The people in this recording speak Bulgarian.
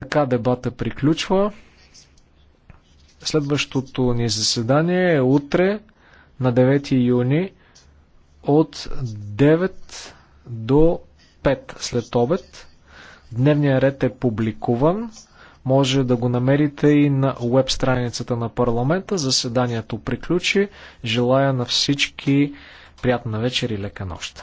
Така дебата приключва. Следващото ни заседание е утре на 9 юни от 9 до 5 след обед. Дневният ред е публикуван. Може да го намерите и на веб страницата на парламента. Заседанието приключи. Желая на всички приятна вечер и лека нощ.